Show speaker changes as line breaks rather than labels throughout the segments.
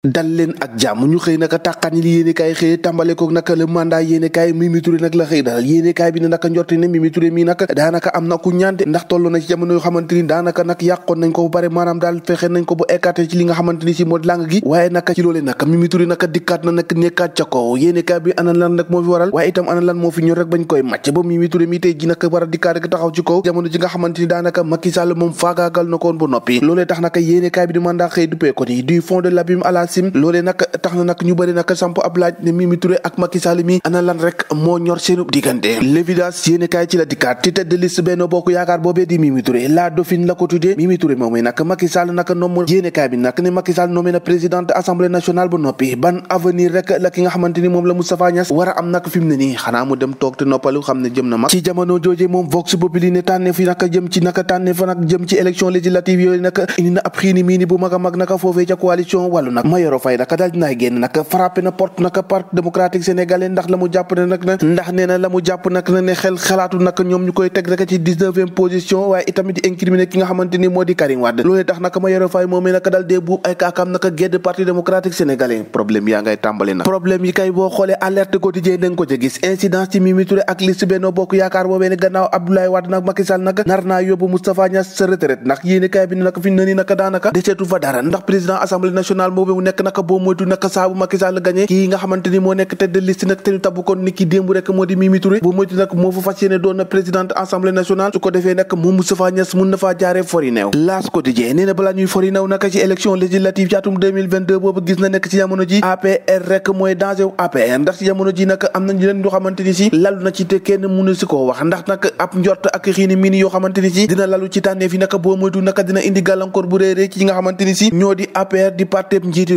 dal leen ak jàmm ñu xëy naka tàqaani li yéene kaay xëye tàmbale ko naka kaay Mimi Touré nag la xëy dalal bi ne naka njorti ne Mimi Touré daanaka am na ku ñaante ndax toll na ci jamono ni daanaka nag yàqoon nañ ko ba pare maanaam daal fexe nañ ko bu écarté ci nga xamante ni si moo làng gi waaye naka ci loole naka moo fi waral waaye itam ana lan moo fi ñor rek bañ koy a dikkaat rek nga xamante ni daanaka Macky Sall moom faagaagal na koon ba noppi loolee tax naka yéene kaay bi di mandat xëy duppee ko ni fond de l'abîme à Kasim loolee nag tax na nag ñu bëri nag samp ab laaj ne Mimi ak Macky mi ana lan rek moo ñor seenub diggante l'évidence yéeni kaay ci la dikkaat ti tête de liste Benno Bokk Yaakaar boobee di Mimi Touré la dauphine la ko tuddee Mimi Touré moomee nag Macky Sall nag nomm assemblée nationale ba noppi ban avenir rek la ki xamante moom la Moustapha Niass war a am nag fi mu ne nii xanaa mu dem toog te noppalu xam ne jëm na mag ci jamono jooje moom vox populi ne tànne fi nag jëm ci naka tànne fa nag jëm ci élection législative na a yoro fay naka daal dinaa génn naka frappé na porte naka parti démocratique sénégalais ndax la jàpp ne ne xel xalaatu naka ñoom ñu koy teg rek ci dix-neuvième position waaye itamit di ma ne gannaaw Abdoulaye naka président assemblée nationale nekk naka boo moytu naka saa bu Macky kii nga xamante moo nekk tête de liste te ñu tabb kon démb rek mooy danger wu APR ndax ci jamono ji nag am na njort ak xiini miini yoo xamante si dina lalu ci tànneef yi naka boo moytu naka dina indi gàllankoor bu réeree ci nga xamante si ñoo di APR di parti njiiti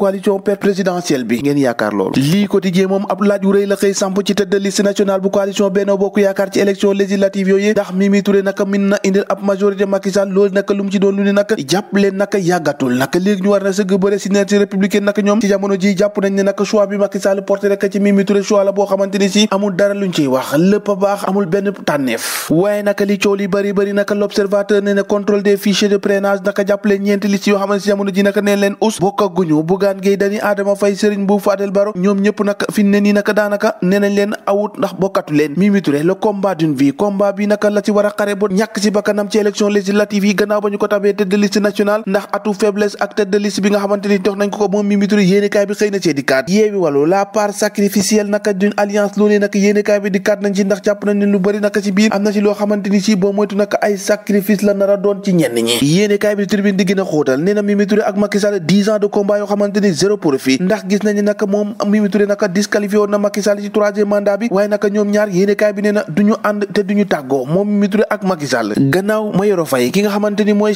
coalition père présidentielle bi ngeen yaakaar loolu lii quotidien moom ab laaj wu rëy la xëy samp ci tëdd liste nationale bu coalition Benno Bokk Yaakaar ci élection législative yooyu ndax Mimi naka min na indil ab majorité Macky loolu naka lu ci doon lu ne naka jàpp leen naka yàggatul naka léegi ñu war na sëgg bëre synergie républicaine naka ñoom ci jamono ji jàpp nañ ne naka choix bi Macky Sall rek ci Mimi Touré la boo xamante a Bougane ndax a atu faiblesse ak tête de bi nga xamante ni nañ ko ko moom Mimi Touré bi xëy na cee dikkaat yeewi wàllu la part sacrificielle naka d'une alliance loolee naka yéenekaay bi dikkaat nañ ci ndax jàpp nañ lu bëri naka ci biir am na ci loo xamante ni boo moytu naka ay sacrifice la nar a doon ci ñenn ñi yéenekaay bi tribune di gën a xóotal ak Macky Sall ans de combat yoo ni ndax gis nañu naka moom Mimi naka disqualifié woon ci troisième mandat bi waaye naka ñoom ñaar yéenekaay bi na du ñu te du ñu moom Mimi ak Macky gannaaw Mayoro Faye ki nga xamante moom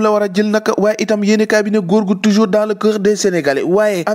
la war a jël naka waaye itam yéenekaay bi ne toujours dans le cœur des waaye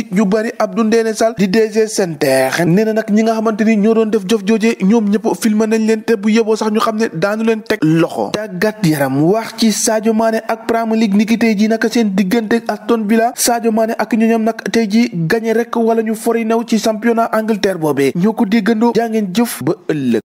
nit ñu bëri Abdou Ndéné Sall di DG SENTER nee na nag ñi nga xamante ni ñoo doon def jëf joojee ñoom ñëpp filmé nañ leen te bu yeboo sax ñu xam ne daanu leen teg loxo tàggat yaram wax ci Sadio Mané ak Premier League niki tey jii nag seen diggante Aston Villa Sadio Mané ak ñoñam nag tey jii gagné rek wala ñu fori ci championnat Angleterre boobee ñoo ko déggandoo jaa ngeen jëf ba ëllëg